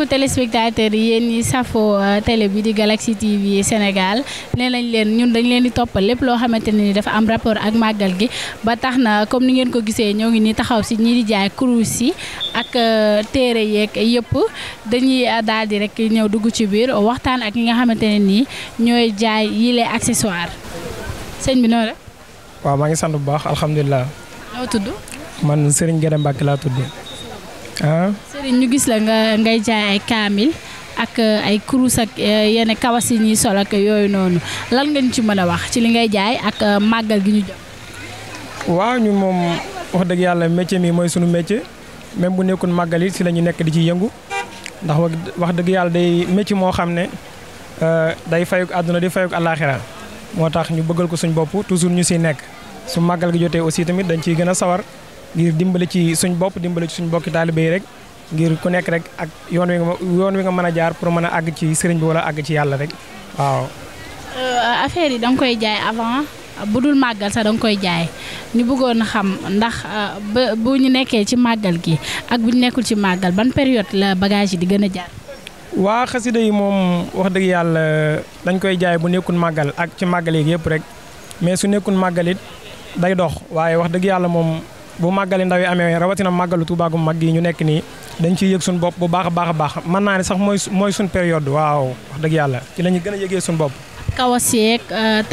mbokku téléspectateurs yeen ni safo euh, télé bi di Galaxy TV Sénégal né lañ leen ñun dañ leen di toppal lepp lo xamanteni ni dafa am rapport ak magal gi ba taxna comme ni ngeen ko gisee ñoo ngi ni taxaw si ñi di jaay kruusi ak euh, téré yek yépp dañuy euh, daal di rek ñew dugg ci biir waxtaan ak nga xamanteni ni ñoy jaay yile accessoire sëñ bi noo la. waaw ma ngi sant bu baax alhamdullilah tuddu man Serigne gëdem bakki la tuddu waaw ah. Serigne ñu gis la nga ngay jaay ay kaamil ak eh, ay kurus ak eh, yenn kawas yi ñuy sol ak yooyu noonu lan nga ñu ci mën a wax ci li ngay jaay ak eh, màggal gi ñu jëm. waaw ñun moom wax dëgg yàlla métier mi mooy sunu métier même bu nekkul màggal yi si la ñu nekk di ci yëngu ndax wax dëgg yàlla day métier moo xam ne day fayuk àdduna di fayuk àllaaxira moo tax ñu bëggal ko suñ bopp toujours ñu siy nekk su màggal gi jotee aussi tamit dañ ciy gën a sawar. ngir dimbale ci suñ bopp dimbale ci suñ bokki taalibe yi rek ngir ku nekk rek ak yoon wi nga yoon wi nga mën a jaar pour mën a àgg ci sëriñ bi wala àgg ci yàlla rek waaw. Euh, affaire yi danga koy jaay avant bu dul màggal sax da koy jaay ñu bëggoon xam ndax euh, ba bu ñu nekkee ci màggal gi ak bu ñu nekkul ci màggal ban période la bagage yi di gën a jaar. waa xasida yi moom wax dëgg yàlla dañ koy jaay bu nekkul màggal ak ci màggal yi yëpp rek mais su nekkul màggal day dox waaye wax dëgg yàlla moom. bu màggali ndaw yi amee rawatina màggalu Tuubaa gu mag yi ñu nekk nii dañ ciy yëg suñu bopp bu baax a baax a baax mën naa ne sax mooy mooy suñu période waaw wax dëgg yàlla ci la ñu a yëgee suñu bopp. kawas yeeg euh,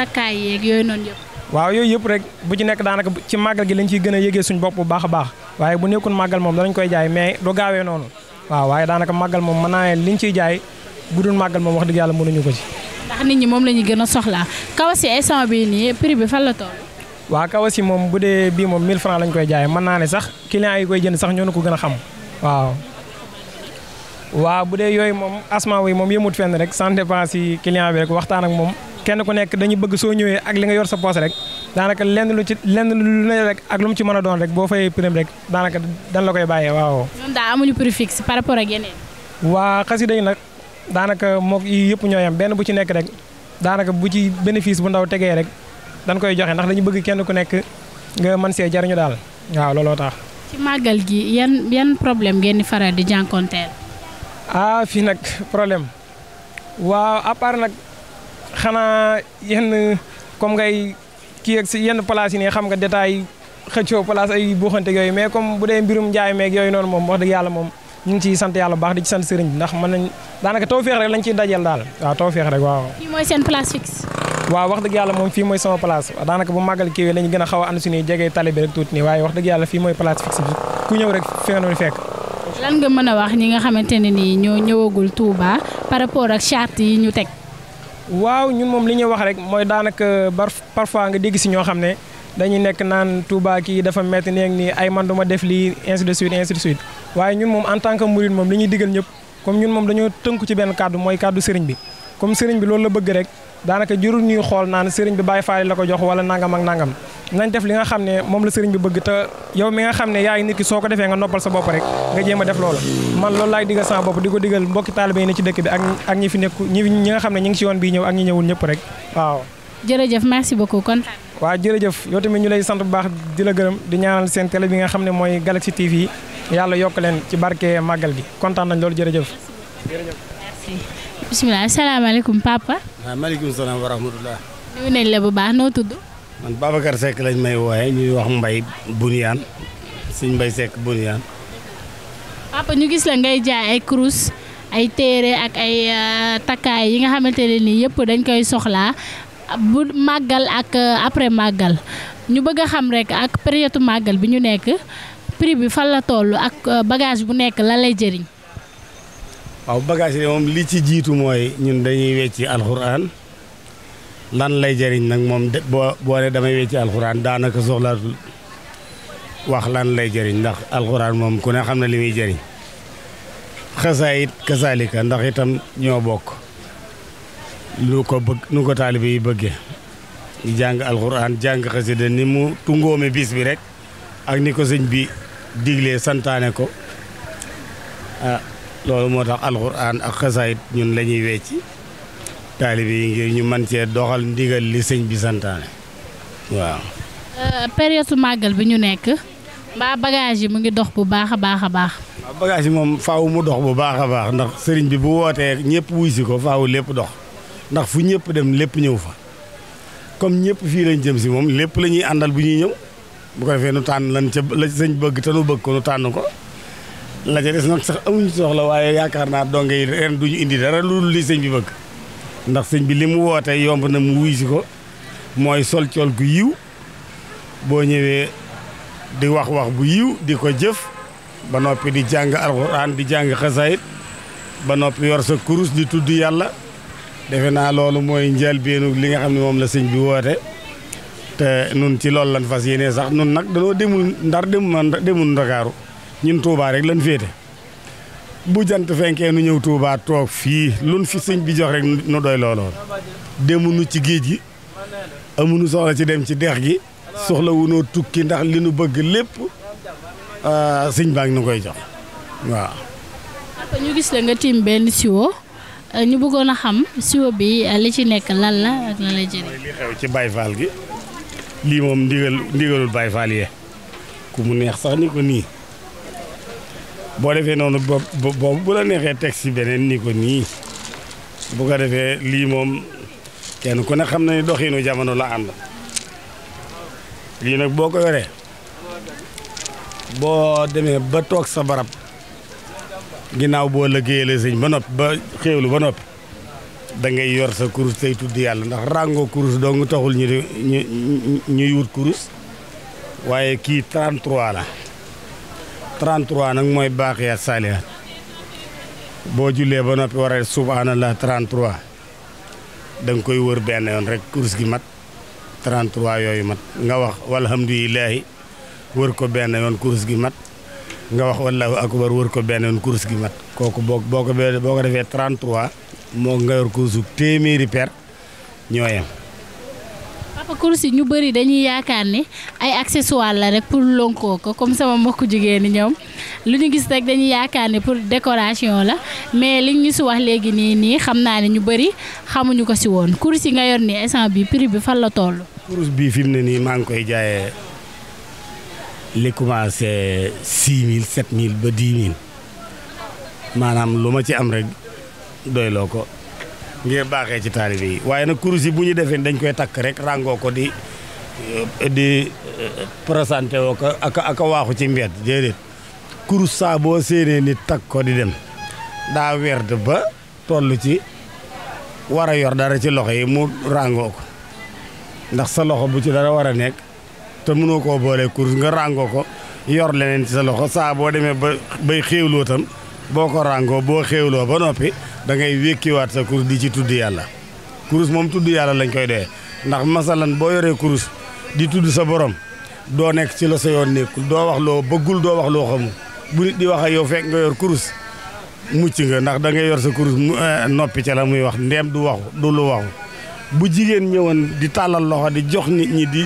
yëpp. waaw yooyu bu ci nekk daanaka ci màggal gi lañ ciy gën a yëgee suñu bopp bu baax a baax waaye bu nekkoon màggal moom danañ koy jaay mais du gaawee noonu waaw waaye daanaka màggal moom mën naa ne liñ ciy jaay bu dul màggal moom wax dëgg yàlla mënuñu ko ci. ndax nit ñi moom la ñu gën a soxlaa kawas yi instant bii nii prix bi fan la waa kawasi moom bu dee bii moom 1000 francs lañ koy jaayee mën naa ne sax client yi koy jënd sax ñoo nu ko gën a xam waaw. waa bu dee yooyu moom asma wi moom yëmut fenn rek sans dépense yi client bi rek moom kenn ku nekk dañu bëgg soo ñëwee ak li nga yor sa poche rek daanaka lenn lu ci lenn lu rek ak lu ci mën a doon rek boo fayee prime rek daanaka dan la koy bàyyee waaw. ñoom daal amuñu prix fixe par rapport ak waa xasida day nag daanaka moog yii yëpp ñoo yam benn bu ci nekk rek daanaka bu ci bénéfice bu ndaw tegee rek. dañ koy joxe ndax dañu bëgg kenn ku nekk nga man see jarñu daal waaw looloo tax. ci màggal gi yan yan problème ngeen di faral di jànkonteel. ah fii nag problème waaw à part nag xanaa yenn comme ngay kii ak si yenn place yi nii xam nga détail xëccoo place ay buuxante yooyu mais comme bu dee mbirum njaay meeg yooyu noonu moom wax dëgg yàlla moom ñu ngi ciy sant yàlla bu baax di ci sant sëriñ ndax mën nañ daanaka tawféex rek lañ ciy dajeel daal waaw tawféex rek waaw. fii mooy seen place fixe wa wax deug yalla moom fii moy sama place danaka bu magal kiwe lañu gëna xawa and suñu jégué talibé rek tout nii waaye wax deug yalla fii moy place fixe bi ku ñëw rek fi nga doon fekk. lan nga mëna wax ñi nga xamanteni ni nii ñoo ñëwagul Touba par rapport ak charte yi ñu tek waaw ñun mom li ñu wax rek moy danaka parfois nga dégg ci ño xamné dañuy nekk naan Touba ki dafa metti neeg ni ay man duma def li ainsi de suite ainsi de suite waye ñun mom en tant que mourid moom li ñuy diggal ñëpp comme ñun mom dañoo tënku ci ben cadre moy cadre serigne bi comme serigne bi loolu la bëgg rek daanaka jurul ñuy xool naan sëriñ bi baay faali la ko jox wala nangam ak nangam nañ def li nga xam ne moom la sëriñ bi bëgg te yow mi nga xam ne yaay nit ki soo ko defee nga noppal sa bopp rek nga jéem a def loolu man loolu laay digal sama bopp di ko digal mbokki taalibe yi ne ci dëkk bi ak ak ñi fi nekk ñi nga xam ne ñi ngi si yoon bii ñëw ak ñi ñëwul ñëpp rek waaw jërëjëf merci beaucoup kon waaw jërëjëf yow tamit ñu lay sant bu baax di la gërëm di ñaanal seen bi nga xam ne mooy Galaxy TV yàlla yokk leen ci barke màggal gi kontaan nañ loolu jërëjëf Bismillah, assalamualaikum papa. waaw ah, maaleykum salam wa rahmatulah. nuyu nañ la bu baax noo tudd. man Babacar Seck lañ may wooye ñuy wax mbay Buniyaan suñ mbay papa ñu gis la ngay jaay ay kurus ay ak ay euh, takay yi nga xamante ni yépp dañ koy soxla bu magal ak euh, après magal. ñu bëgg xam rek ak période magal bi ñu nekk prix bi fa la tollu ak euh, bagage bu nekk la lay jëriñ. waaw bagage yi moom li ci jiitu mooy ñun dañuy wecci alxuraan lan lay jariñ nag moom boo boo ne damay wecci alxuraan daanaka soxlaatul wax lan lay jëriñ ndax alxuraan moom ku ne xam na li muy jëriñ xasaayit kasaalika ndax itam ñoo bokk lu ko bëgg nu ko taalibe yi bëggee ñu jàng alxuraan jàng xasida ni mu tungoome bis bi rek ak ni ko sëñ bi diglee santaane ko ah, loolu moo tax alxuraan ak xasaayit ñun la ñuy wecci taalibe yi ngir ñu man cee doxal ndigal li sëñ bi santaane waaw. Euh, période su màggal bi ñu nekk mbaa bagage yi mu ngi dox bu baax a baax a baax. waaw yi moom faaw mu dox bu baax a baax ndax sëriñ bi bu wootee ñëpp wuy si ko faaw lépp dox ndax fu ñëpp dem lépp ñëw fa comme ñëpp fii lañ jëm si moom lépp la ñuy àndal bu ñuy ñëw bu ko defee nu tànn lan sëñ bëgg te nu bëgg ko nu tànn ko. la ca des nag sax amuñ soxla waye yaakaar naa donge yi ren duñu indi dara lu li señ bi bëgg ndax señ bi limu mu yomb na mu wuy ci ko moy sol ciol gu yiw bo ñëwé di wax wax bu yiw di ko jëf ba nopi di jang alquran di jang khasaid ba nopi yor sa kurus di tudd yàlla defe na loolu mooy njëlbeenu li nga xamni mom la señ bi woote te nun ci loolu lan fas yene sax nun nak da lo demul ndar demul ndakaaru ñun tuubaa rek lañ féete bu jant fenkee nu ñëw Touba toog fii luñ fi sëñ bi jox rek nu doy looloon demunu ci géej gi amunu soxla ci dem ci dex gi soxla wunoo tukki ndax li nu bëgg lépp ah, sëñ baa ngi nu koy jox waaw ñu gis la nga tiim benn siwo ah, ñu bëggoon a xam siwo bi ah, li ci nekk lan la ak lan lay jëriñ li xew ci bayfaal gi lii moom ndigal ndigalul bayfaal yee ku mu neex sax ni ko nii boo defee noonu boobu bu la neexee teg si beneen ni ko nii bu ko defee lii moom kenn ku ne xam na ni doxiinu jamono la ànd lii nag boo ko yoree boo demee ba toog sa barab ginnaaw boo liggéeyale sëñ ba noppi ba xéewlu ba noppi dangay yor sa kurus tey tudd yàlla ndax ràngoo kurus doo nga taxul ñu ñuy wut kurus waaye kii 33 la 33 nag mooy baax baaqiyaat saalihaat boo jullee ba noppi war a subhaanallah 33 da danga koy wër benn yoon rek kurus gi mat 33 yooyu mat nga wax walhamdulilahi wër ko benn yoon kurus gi mat nga wax wallahu akbar wër ko benn yoon kurus gi mat kooku boo boo ko boo ko defee 33 moo nga yor kurusu téeméeri per ñooyam dafa kursi ñu bëri dañuy yaakaar ni ay accessoire la rek pour lonkoo ko comme sama mbokku jigéen ñi ñoom lu ñu gis rek dañuy yaakaar ni pour décoration la mais li ñu si wax léegi nii nii xam naa ne ñu bëri xamuñu ko si woon kursi nga yor nii instant bi prix bi fan la toll. kurus bi fi mu ne nii maa ngi koy jaayee li commencé 6000 7000 ba 10000 maanaam lu ma ci am rek doyloo ko. ngir baaxee ci taalibe yi waaye nag kurus yi bu ñu defee dañ koy takk rek ràngoo ko di eh, di eh, présenté woo ko ak ak waaxu ci mbedd déedéet kurus saaboo boo séenee nit takk ko di dem daa werd ba tollu ci war a yor dara ci loxo yi mu ràngoo ko ndax sa loxo bu ci dara war a nekk te mënoo ko boolee kurus nga ràngoo ko yor leneen ci sa loxo saa boo demee ba bay xéewloo tam boo ko ràngoo boo xéewloo ba noppi da ngay wékkiwaat sa kurus di ci tudd yàlla kurus moom tudd yàlla lañ koy dee ndax masalan boo yoree kurus di tudd sa borom doo nekk ci la sa yoon nekkul doo wax loo bëggul doo wax loo xamul bu nit di wax ak yow fekk nga yor kurus mucc nga ndax da ngay yor sa kurus eh, noppi ca la muy wax ndeem du waxu du lu waxu bu jigéen ñëwoon di tàllal loxo di jox nit ñi di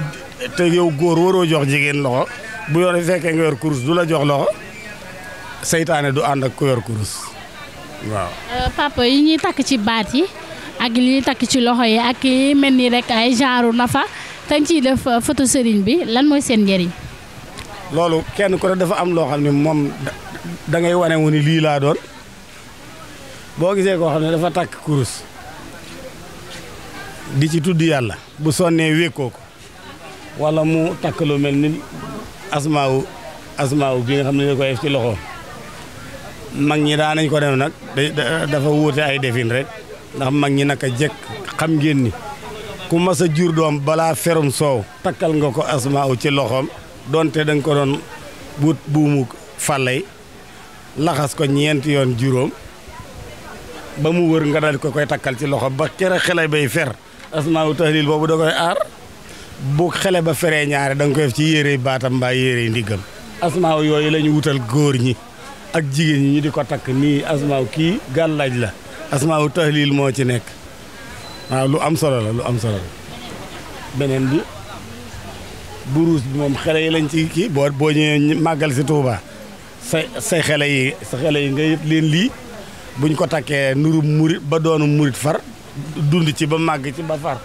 te yow góor waroo jox jigéen loxo bu yore fekkee nga yor kurus du la jox loxo seytaane du and ak ku kurus waaw. Euh, papa yi ñi tak ci baat yi ak li tak ci loxo yi ak yi mel rek ay genre nafa tan ci def euh, photo serigne bi lan moy sen njëriñ. lolu kenn ko ne dafa am lo xamni mom da ngay wone woni li la doon boo gisee koo dafa tak kurus di ci tudd yalla bu sonnee wékkoo ko wala mu tak lu melni asmaou asmaou bi nga xam da koy ci loxo mag ñi daan nañ ko def nag dafa wuute ay defin rek ndax mag ñi naka jekk xam ngeen ni ku masa jur doom balaa ferum soow takkal nga ko asmaaw ci loxoom donte danga ko doon buut buumu fàllay laxas ko ñeenti yoon juróom ba mu wër nga dal ko koy takkal ci loxo ba kere xele bay fer asmaaw tahlil boobu da koy aar bu xele ba feree ñaare danga koy def ci yérey baatam mbaa yére ndiggam asmaaw yooyu la wutal góor ñi ak jigéen ñi di ko takk nii asmaaw kii laaj la asmaaw tahlil moo ci nekk waaw lu am solo la lu am solo la beneen bi buruus bi moom xale yi lañ ci kii boo boo ñëwee màggal si Touba say say xale yi sa xale yi nga yëpp leen lii buñ ko takkee nuru muri ba doonu murit far dund ci ba màgg ci ba far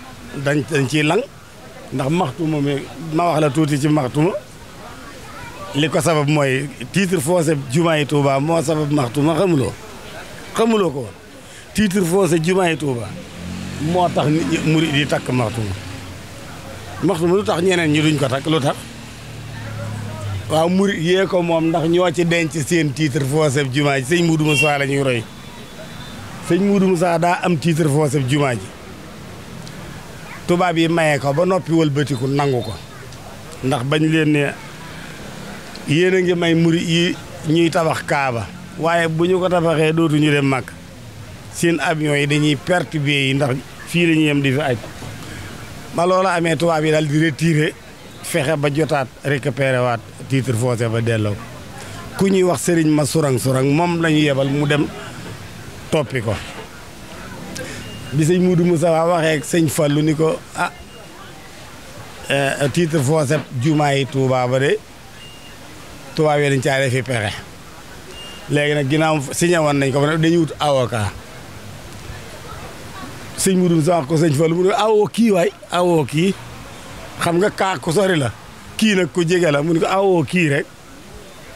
dañ dañ ciy lang ndax maxtuma mi ma wax la tuuti ci maxtuma li ko sabab mooy titre foncier jumaa yi Touba moo sabab maxtu ma xamuloo xamuloo ko woon titre foncier jumaa yi Touba moo tax nit ñi murid di takk maxtu ma lu tax ñeneen ñi duñ ko takk lu tax waaw murid yee ko moom ndax ñoo ci denc seen titre foncier jumaa ji sëñ Moudou Moussa la ñuy roy sëñ Moudou Moussa daa am titre foncier jumaa yi tubaab yi maye ko ba noppi wëlbatiku nangu ko ndax bañ leen ne yéen a ngi may muri yi ñuy tabax kaaba waaye bu ñu ko tabaxee dootuñu dem màkk seen avion yi dañuy perturbé yi ndax fii la ñuy yem di fi aj ma loola amee tubaab yi daal di retiré fexe ba jotaat récupéré waat titre foncier ba delloo ku ñuy wax sëriñ ma surang surang moom lañu yebal mu dem toppi ko bi sëñ Muudu Musaa waa waxee sëñ Fallu ni ko ah eh, titre foncier jumaa yi Tuubaa ba de tubaab yi dañ caa fi pexe léegi nag ginnaaw signé woon nañ ko fa dañuy wut avocat sëñ mu dum sama ko sëñ Fallu mu ne awoo kii waay awoo kii xam nga kaa ku la kii nag ku jege la mu ne ko awoo kii rek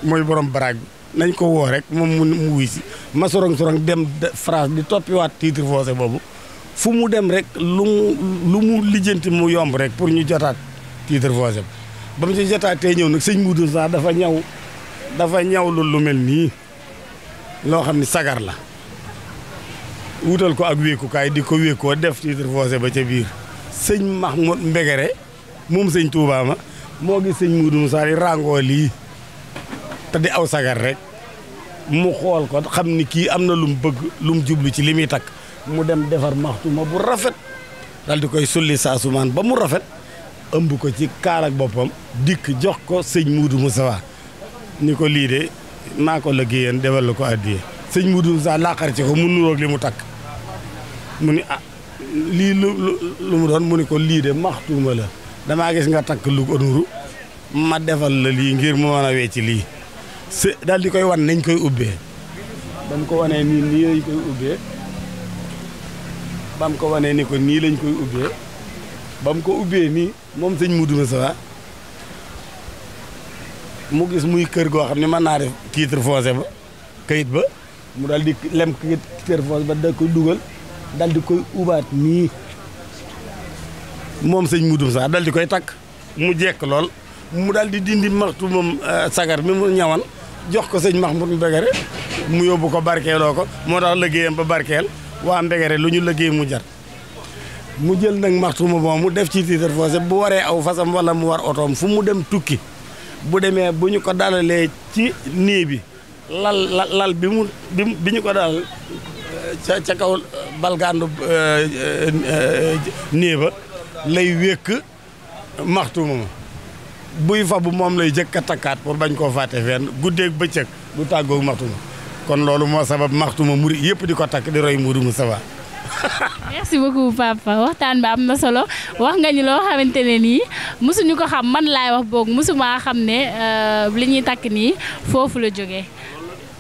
mooy borom baraag bi nañ ko woo rek moom mu wuy si ma sorong-sorong dem France di toppiwaat titre foncé boobu fu mu dem rek lu mu lu mu lijjanti mu yomb rek pour ñu jotaat titre foncé bam ci jotta tay ñew nak seigne moudou sa dafa ñaw dafa ñawlu lu lu melni lo xamni sagar la wutal ko ak wéekukaay di ko wéekoo def ci refosé ba ci bir seigne Mahmoud Mbegere mom seigne Touba ma mo gi seigne moudou Musaa li rango li te di aw sagar rek mu xol ko xamni niki amna lumbug, lu mu bëgg lu mu jublu ci limi tak mu dem defar maxtuma bu rafet dal di koy sulli suman ba mu rafet ëmb ko ci kaar boppam dikk jox ko sëñ Muudu Musaa ni ko lii de naa ko liggéeyeen defal la ko àddiyee sëñ Muudu Musaa laqar ci ko mu nuroog li mu takk mu ni ah, lii lu lu mu doon mu ni ko lii de maxtuuma la damaa gis nga takk lu ko nuru ma defal la lii ngir mu mën a wecci lii se daal di koy wan nañ koy ubbee ba ko wanee nii nii lañ koy ko wanee ni ko nii lañ koy ubbee ba ko ubbee nii mom sëñ Moudou Moussa ah. mu gis muy keur go xamni man na def titre foncé ba kayit ba mu dal di lem kayit titre foncé ba da ko dugal dal di koy oubat ni mom sëñ Moudou Moussa dal di koy tak mu jek lol mu dal di dindi martu mom euh, sagar mi mu ñawal jox ko sëñ Mahmoud Mbegere mu yóbbu ko barkeeloo ko mo tax liggeyam ba barkel wa Mbegere luñu liggey mu jar mu jël nak maxtuma bon mu def ci titre foncier bu waré aw fasam wala mu war autom fu mu dem tukki bu démé buñu ko dalalé ci ni bi lal lal bi mu biñu ko dal eh, ca ca kaw eh, balgandu eh, lay wék maxtuma buy fa bu mom lay jëk a takkaat pour bañ ko faté fenn ak bëcëk du taggo maxtuma kon lolu mo sabab maxtuma muri yépp di tak di roy muru mu merci beaucoup papa waxtaan bi am na solo wax nga ñu loo xamante ne nii mosuñu ko xam man laay wax boog mosumaa xam ne euh, li ñuy takk nii foofu la jóge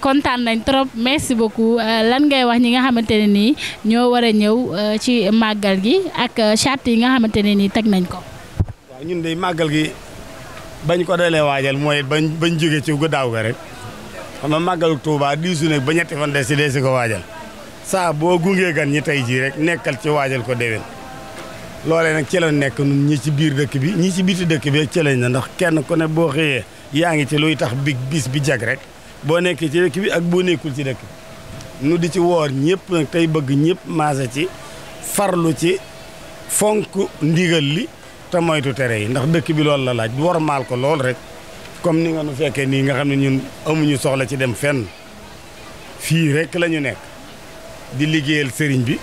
kontaan nañ trop merci beaucoup euh, lan ngay wax ñi nga xamante ne nii ñoo war a ñëw euh, ci màggal gi ak charte yi nga xamante ne nii teg nañ ko. waaw ñun de màggal gi bañ ko dalee waajal mooy bañ bañ jógee ci gudaaw ga rek xam nga màggalu Tuubaa diisu ne ba ñetti fan des si dee si ko waajal. saa boo gungee gan ñi tey jii rek nekkal ci waajal ko déwén loolee nag ci nekk nun ñi ci biir dëkk bi ñii ci biti dëkk bi ci lañ na ndax kenn ku ne boo xëyee yaa ngi ci luy tax big bis bi jag rek boo nekkee ci dëkk bi ak boo nekkul ci dëkk bi nu di ci woor ñëpp tey bëgg ñëpp maase ci farlu ci fonk ndigal li te moytu tere yi ndax dëkk bi loolu la laaj war wormaal ko lool rek comme ni nga nu fekkee nii nga xam ne ñun amuñu soxla ci dem fenn fii rek la ñu nekk di liggéeyal sëriñ bi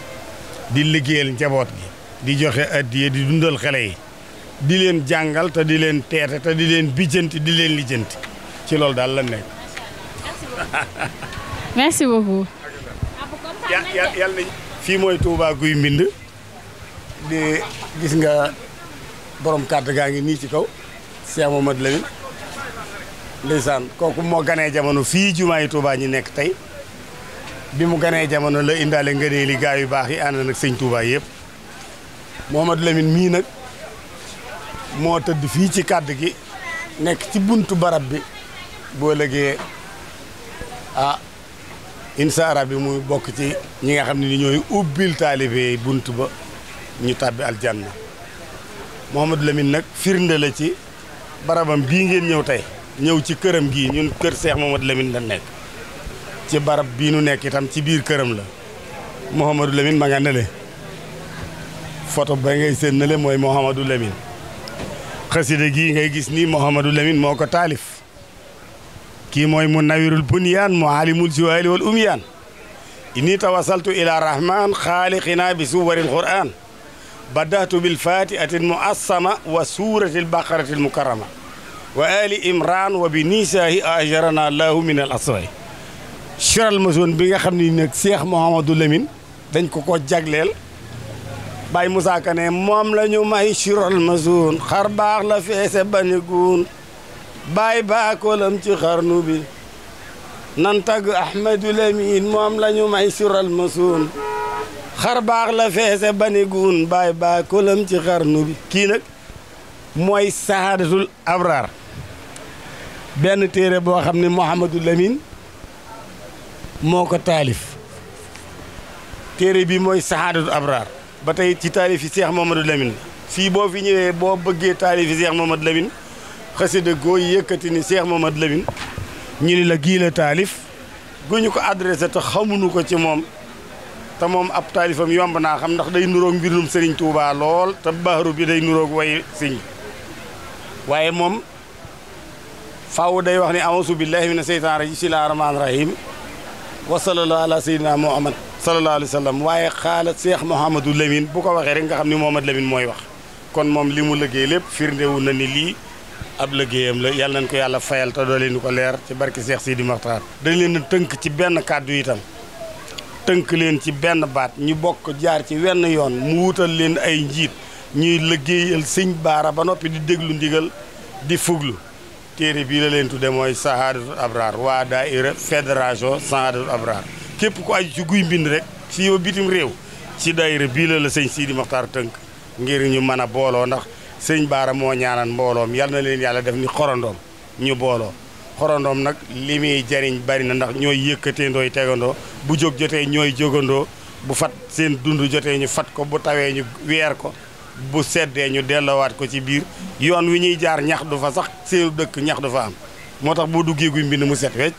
di liggéeyal njaboot gi di joxe addiye di dundal xele yi di leen jàngal te di leen teete te di leen bijjanti di leen lijjanti ci loolu daal la nekk. merci mooy Touba guy mbind di gis nga borom kàddu gaa ngi nii ci kaw Cheikh Mamadou Lamine ndeysaan kooku moo ganee jamono fii jumaa yi Touba ñi nekk tey bi mu ganee jamono la indaale ngëneel li gaa yu baax yi ànd nag sëñ Touba yëpp Mouhamadou Lamine mii nag moo tëdd fii ci kàdd gi nekk ci buntu barab bi boo lëgee ah insa Allah bi muy bokk ci ñi nga xam ne ni ñooy ubbil taalibe bunt ba ñu tàbbi aljanna Mouhamadou Lamine nag firnde la ci barabam bii ngeen ñëw tey ñëw ci këram gii ñun kër Cheikh Mouhamadou Lamine la nekk ci barab bi nu nekk itam ci biir kërëm la mohamadou Lamine ma nga nele photo ba ngay seen nele mooy mohamadou Lamine xasida gi ngay gis ni mohamadou Lamine moo ko taalif kii mooy mu nawirul bunyaan mu alimul jiwaali wal umyaan inni tawasaltu ila rahman xaaliqina bi suwaril quran بدأت بالفاتحة fatihatil وسورة البقرة suratil وآل إمران وبنيسه أجرنا imran من الأصوات Chorale Masoon bi nga xam ni nag Cheikh Mouhamadou Lamine dañ ko ko jagleel bay Moussa Kane moom la ñu may Chorale Masoon xar baax la feese bañu guun Baye baakolam ci xarnu bi nan tagg Ahmadou moom la ñu may Chorale Masoon xar baax la feese bani guun baa kolam ci xarnu bi kii nag mooy sahaadatul abraar benn téere boo xam ne Mouhamadou Lamine moko talif téré bi moy sahaadatu abrar batay ci talif Cheikh Mamadou Lamine fi bo fi ñewé bo bëggé talif Cheikh Mamadou Lamine xasida goo yëkëti ni Cheikh Mamadou Lamine ñi ni la gi la talif guñu ko adressé ta xamuñu ko ci mom ta mom ab talifam yomb na xam ndax day nuro mbirum Serigne Touba lol ta baaru bi day nuro way serigne waye mom faaw day wax ni a'udhu billahi minash seytaan rajim si la rahim wa sallallahu ala sayyidina muhammad sallallahu alayhi wa sallam waaye xaala seex Mouhamadou Lamine bu ko waxee rek nga xam ni Mouhamad Lamine mooy wax kon moom li mu liggéey lépp firndewu na ni lii ab liggéeyam la yàlla nañ ko yàlla fayal te doo leen ko leer ci barke seex Sidi Maxtaar dañ leen a tënk ci benn kàddu itam tënk leen ci benn baat ñu bokk jaar ci wenn yoon mu wutal leen ay njiit ñuy liggéeyal sëñ baara ba noppi di déglu ndigal di fuglu téere bii la leen tu tudde mooy Sahaadatul Abraar waa daaira fédération Sahaadatul Abraar képp ko aju ci guy mbind rek ci bitim réew ci daaira bii la la sëñ Sidi Moxtaar tënk ngir ñu mën a booloo ndax sëñ Baara moo ñaanal mbooloom yal na leen yàlla def ni xorandoom ñu booloo xorandoom nag li muy jariñ bari na ndax ñooy yëkkateendoo yi tegandoo bu jóg jotee ñooy jógandoo bu fat seen dund jotee ñu fat ko bu tawee ñu weer ko bu seddee ñu delloowaat ko ci biir yoon wi ñuy jaar ñax du fa sax seenu dëkk ñax du fa am moo tax boo duggee guy mbind mu set wecc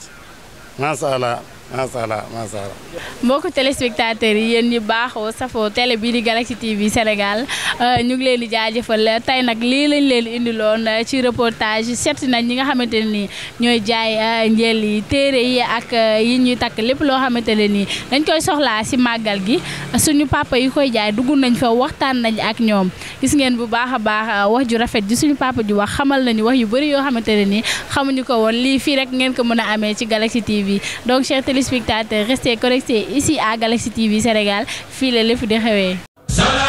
macha allah. macha allah macha allah. mbokku téléspectateurs yi yéen ñu baaxoo safoo télé bii di Galaxy TV Sénégal euh, ñu ngi leen di jaajëfal tey nag lii lañ leen indiloon ci reportage seet nañ ñi nga xamante ne nii ñooy jaay euh, njël yi téere yi ak euh, yi ñuy takk lépp loo xamante ne nii dañ koy soxlaa si màggal gi suñu papa yi koy jaay dugg nañ fa waxtaan nañ ak ñoom gis ngeen bu baax a baax wax ju rafet ji suñu papa ji wax xamal nañu wax yu bëri yoo xamante ne nii xamuñu ko woon lii fii rek ngeen ko mën a amee ci Galaxy TV téléspectateurs restez connectés ici à Galaxy TV Sénégal fii la lépp di xewee